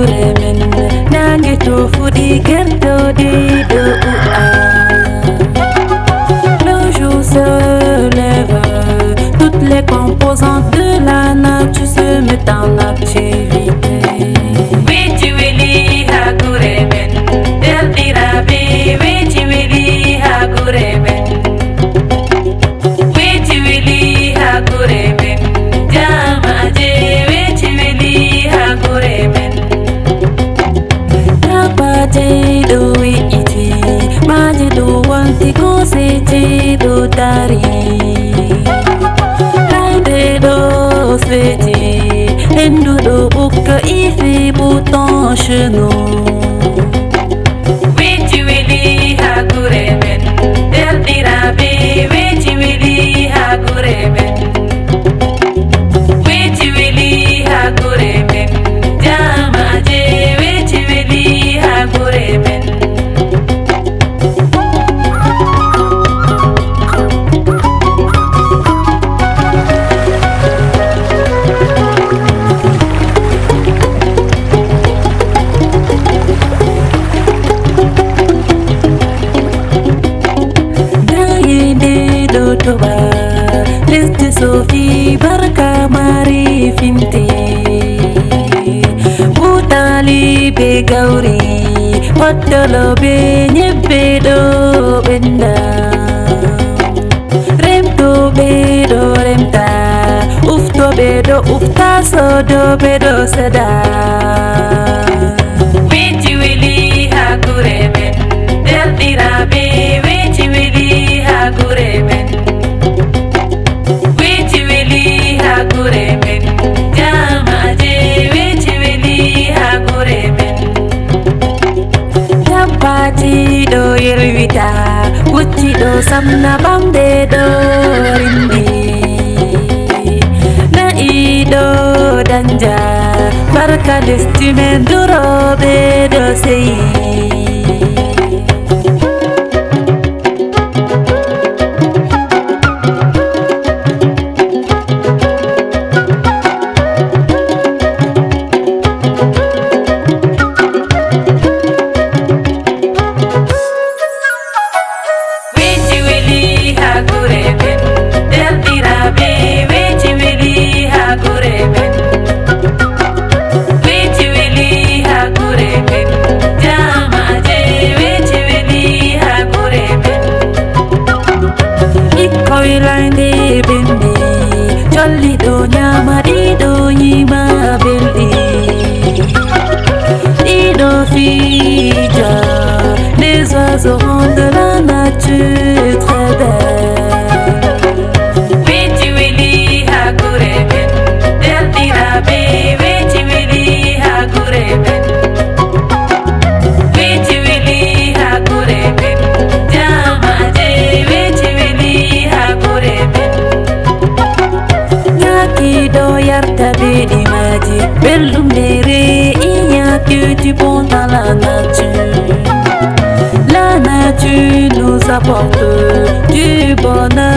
turebenne nange tofuɗige continua. sofi barka mari finti Utali be gauri Wattolo be nyebbe do benda Remto be do remta Ufto be do ufta so do be do ɗo yelwita wuttiɗo samna ɓamde ɗo rindi na'iɗo danja barka lesdi men duroɓe ɗo seyi colliɗo nyama ma yima belɗi ɗiɗo fija les oiseaux de la nature il n'y a que du bon dans la nature. La nature nous apporte du bonheur.